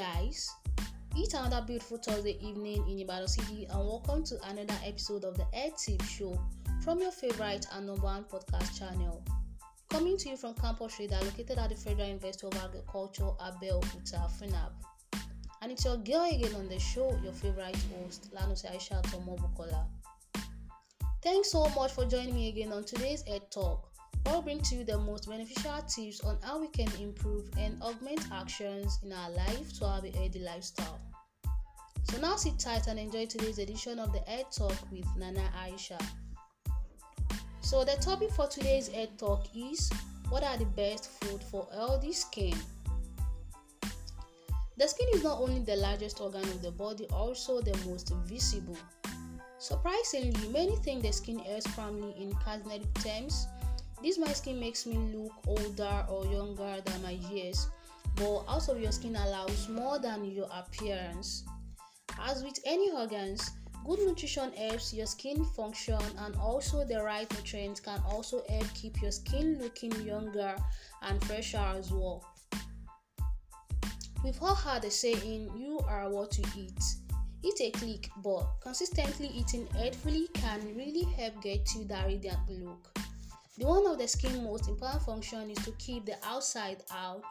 guys. It's another beautiful Thursday evening in Ibadan City, and welcome to another episode of the Ed Tip Show from your favorite and number one podcast channel. Coming to you from Campus Reader, located at the Federal University of Agriculture, Abel Uta, FUNAB. And it's your girl again on the show, your favorite host, Lanuse Aisha Tomobukola. Thanks so much for joining me again on today's Ed Talk. I'll bring to you the most beneficial tips on how we can improve and augment actions in our life to have a healthy lifestyle. So now sit tight and enjoy today's edition of the Ed Talk with Nana Aisha. So the topic for today's Ed Talk is what are the best food for healthy skin? The skin is not only the largest organ of the body, also the most visible. Surprisingly, many think the skin is primarily in cosmetic terms, this my skin makes me look older or younger than my years, but out of your skin allows more than your appearance. As with any organs, good nutrition helps your skin function and also the right nutrients can also help keep your skin looking younger and fresher as well. We've all heard the saying, you are what you eat. Eat a click, but consistently eating healthfully can really help get you that radiant look. The one of the skin's most important function is to keep the outside out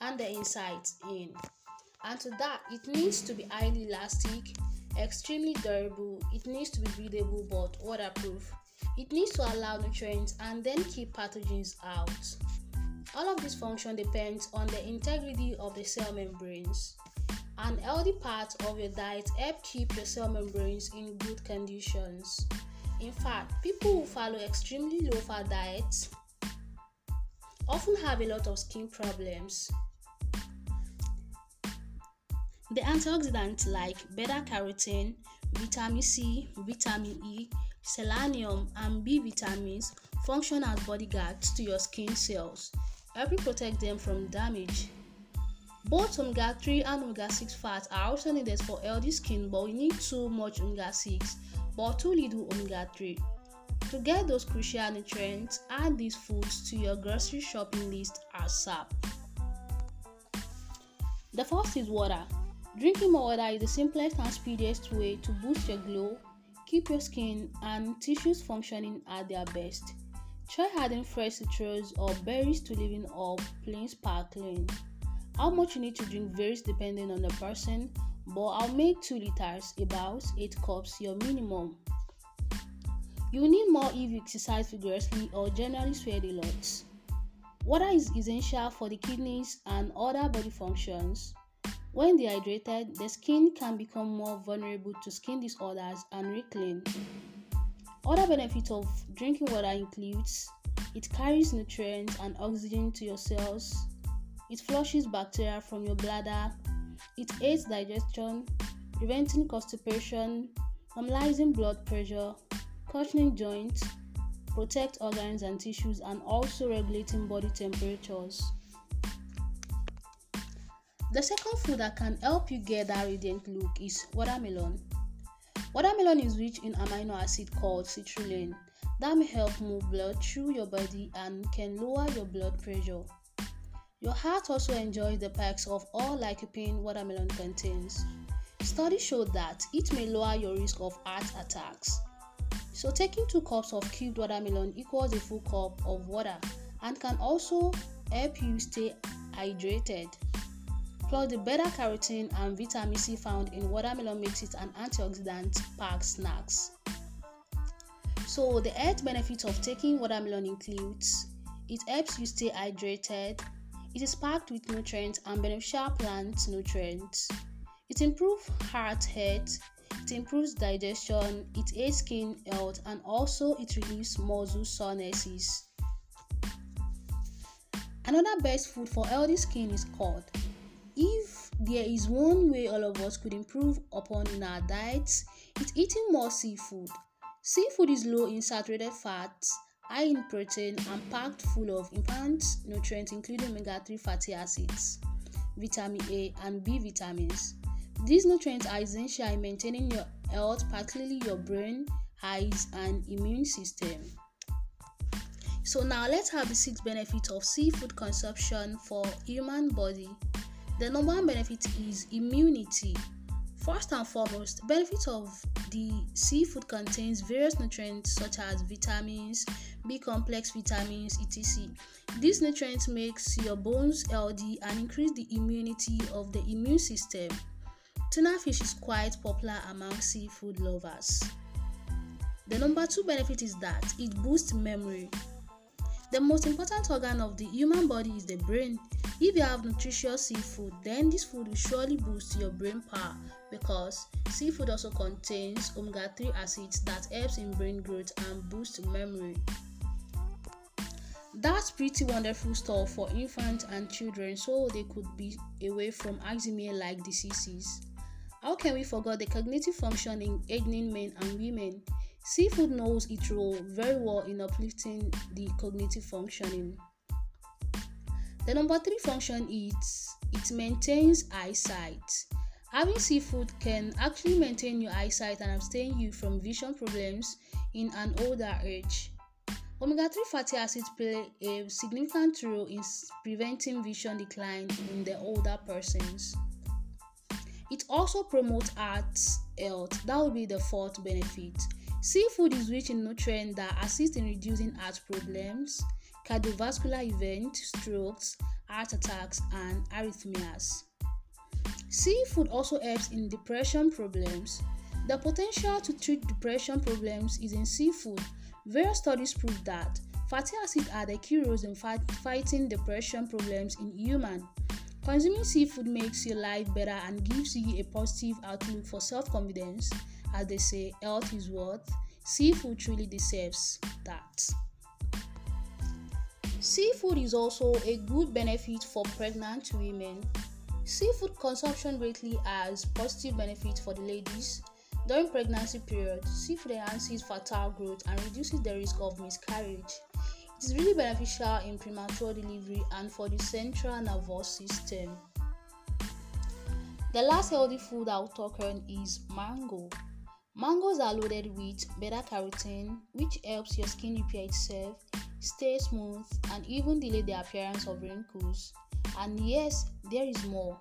and the inside in. And to that, it needs to be highly elastic, extremely durable, it needs to be breathable but waterproof. It needs to allow nutrients and then keep pathogens out. All of this function depends on the integrity of the cell membranes. An healthy part of your diet help keep your cell membranes in good conditions. In fact, people who follow extremely low fat diets often have a lot of skin problems. The antioxidants like beta carotene, vitamin C, vitamin E, selenium, and B vitamins function as bodyguards to your skin cells, helping protect them from damage. Both omega 3 and omega 6 fats are also needed for healthy skin, but we need too much omega 6 but only little omega 3. To get those crucial nutrients, add these foods to your grocery shopping list ASAP. The first is water. Drinking more water is the simplest and speediest way to boost your glow, keep your skin and tissues functioning at their best. Try adding fresh citrus or berries to living or plain sparkling. How much you need to drink varies depending on the person, but I'll make 2 liters, about 8 cups, your minimum. You need more if you exercise vigorously or generally sweat a lot. Water is essential for the kidneys and other body functions. When dehydrated, the skin can become more vulnerable to skin disorders and wrinkling. Other benefits of drinking water includes it carries nutrients and oxygen to your cells. It flushes bacteria from your bladder it aids digestion, preventing constipation, normalizing blood pressure, cushioning joints, protect organs and tissues, and also regulating body temperatures. The second food that can help you get that radiant look is watermelon. Watermelon is rich in amino acid called citrulline that may help move blood through your body and can lower your blood pressure. Your heart also enjoys the perks of all lycopene watermelon contains. Studies show that it may lower your risk of heart attacks. So, taking two cups of cubed watermelon equals a full cup of water and can also help you stay hydrated. Plus, the beta carotene and vitamin C found in watermelon makes it an antioxidant packed snack. So, the health benefits of taking watermelon includes it helps you stay hydrated, it is packed with nutrients and beneficial plant nutrients. It improves heart health, it improves digestion, it aids skin health, and also it relieves muscle soreness. Another best food for healthy skin is cod. If there is one way all of us could improve upon in our diets, it's eating more seafood. Seafood is low in saturated fats high in protein and packed full of important nutrients including omega-3 fatty acids, vitamin A and B vitamins. These nutrients are essential in maintaining your health, particularly your brain, eyes, and immune system. So now let's have the six benefits of seafood consumption for human body. The number one benefit is immunity. First and foremost, benefits of the seafood contains various nutrients such as vitamins, B complex vitamins, etc. These nutrients makes your bones healthy and increase the immunity of the immune system. Tuna fish is quite popular among seafood lovers. The number two benefit is that it boosts memory. The most important organ of the human body is the brain, if you have nutritious seafood, then this food will surely boost your brain power because seafood also contains omega 3 acids that helps in brain growth and boosts memory. That's pretty wonderful stuff for infants and children so they could be away from eczema like diseases. How can we forget the cognitive function in aging men and women? Seafood knows its role very well in uplifting the cognitive functioning. The number three function is it maintains eyesight. Having seafood can actually maintain your eyesight and abstain you from vision problems in an older age. Omega 3 fatty acids play a significant role in preventing vision decline in the older persons. It also promotes heart health. That would be the fourth benefit. Seafood is rich in nutrients that assist in reducing heart problems, cardiovascular events, strokes, heart attacks, and arrhythmias. Seafood also helps in depression problems. The potential to treat depression problems is in seafood. Various studies prove that fatty acids are the key roles in fight, fighting depression problems in humans. Consuming seafood makes your life better and gives you a positive outlook for self confidence. As they say, health is worth. Seafood truly deserves that. Seafood is also a good benefit for pregnant women. Seafood consumption greatly has positive benefits for the ladies. During pregnancy period, seafood enhances fertile growth and reduces the risk of miscarriage. It is really beneficial in premature delivery and for the central nervous system. The last healthy food I'll talk on is mango. Mangoes are loaded with beta carotene, which helps your skin repair itself stay smooth, and even delay the appearance of wrinkles. And yes, there is more.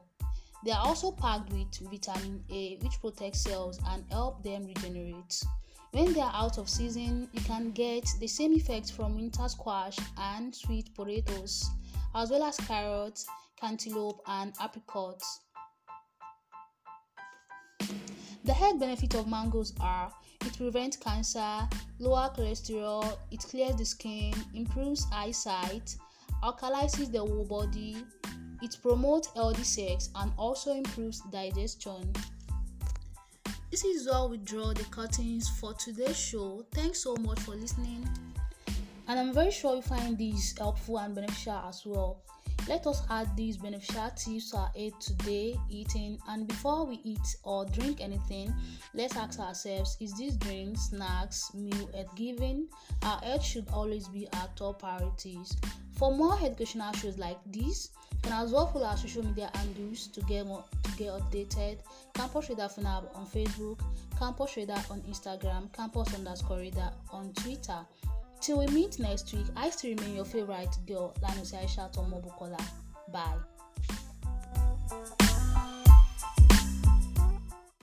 They are also packed with vitamin A, which protects cells and help them regenerate. When they are out of season, you can get the same effect from winter squash and sweet potatoes, as well as carrots, cantaloupe, and apricots. The health benefits of mangoes are it prevents cancer, lower cholesterol, it clears the skin, improves eyesight, alkalizes the whole body, it promotes healthy sex and also improves digestion. This is all we draw the curtains for today's show. Thanks so much for listening. And I'm very sure you find these helpful and beneficial as well. Let us add these beneficial tips to our aid today eating. And before we eat or drink anything, let's ask ourselves is this drink, snacks, meal health giving? Our health should always be our top priorities. For more educational shows like this, you can as well follow our social media handles to get more, to get updated. Campus Reader on Facebook, Campus Reader on Instagram, Campus underscore Reader on Twitter. Till we meet next week, I still remain your favorite girl, Lanusi Aisha Tomobukola. Bye.